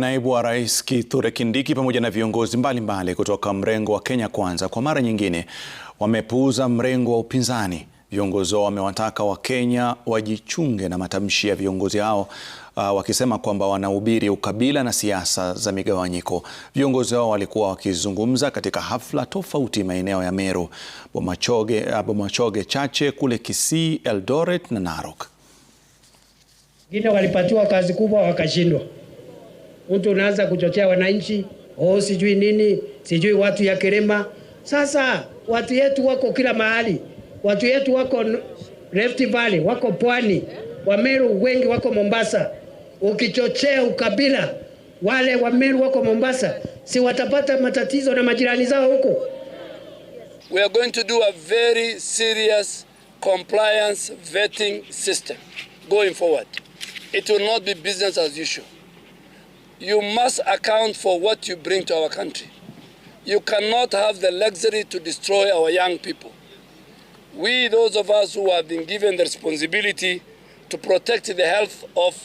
Naibu wa Rais Kithure Kindiki pamoja na viongozi mbalimbali mbali kutoka mrengo wa Kenya Kwanza kwa mara nyingine wamepuuza mrengo wa upinzani. Viongozi hao wamewataka Wakenya wajichunge na matamshi ya viongozi hao uh, wakisema kwamba wanahubiri ukabila na siasa za migawanyiko. Viongozi hao walikuwa wakizungumza katika hafla tofauti maeneo ya Meru, Bomachoge, uh, Bomachoge Chache kule Kisii, Eldoret na Narok. Wengine walipatiwa kazi kubwa wakashindwa mtu unaanza kuchochea wananchi oh, sijui nini, sijui watu ya Kirima. Sasa watu yetu wako kila mahali, watu yetu wako Rift Valley, wako pwani, Wameru wengi wako Mombasa. Ukichochea ukabila, wale Wameru wako Mombasa, si watapata matatizo na majirani zao huko? We are going to do a very serious compliance vetting system going forward. It will not be business as usual you must account for what you bring to our country. You cannot have the luxury to destroy our young people. We, those of us who have been given the responsibility to protect the health of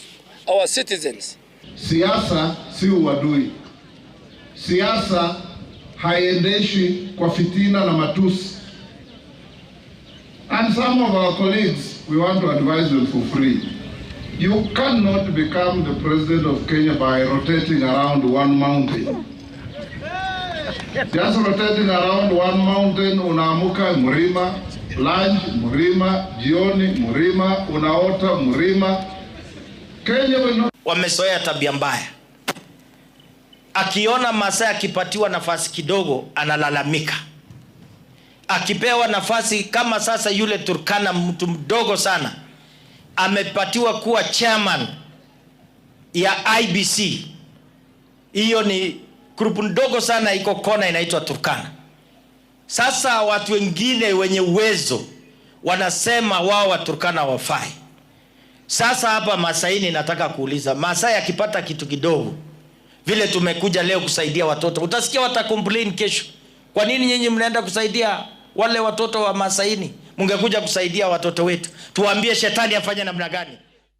our citizens. Siasa si uadui. Siasa haiendeshi kwa fitina na matusi. And some of our colleagues, we want to advise them for free. You cannot become the president of Kenya by rotating around one mountain. Just rotating around one mountain, unaamuka mlima, lunch mlima, jioni mlima, unaota mlima. Kenya will wamezoea tabia mbaya. Akiona masaa akipatiwa nafasi kidogo analalamika, akipewa nafasi kama sasa, yule Turkana mtu mdogo sana amepatiwa kuwa chairman ya IBC. Hiyo ni grupu ndogo sana iko kona inaitwa Turkana. Sasa watu wengine wenye uwezo wanasema wao Waturkana wafai. Sasa hapa Masaini nataka kuuliza, Masai akipata kitu kidogo vile tumekuja leo kusaidia watoto, utasikia wata kesho, kwa nini nyinyi mnaenda kusaidia wale watoto wa Masaini? mungekuja kusaidia watoto wetu, tuwaambie shetani afanye namna gani.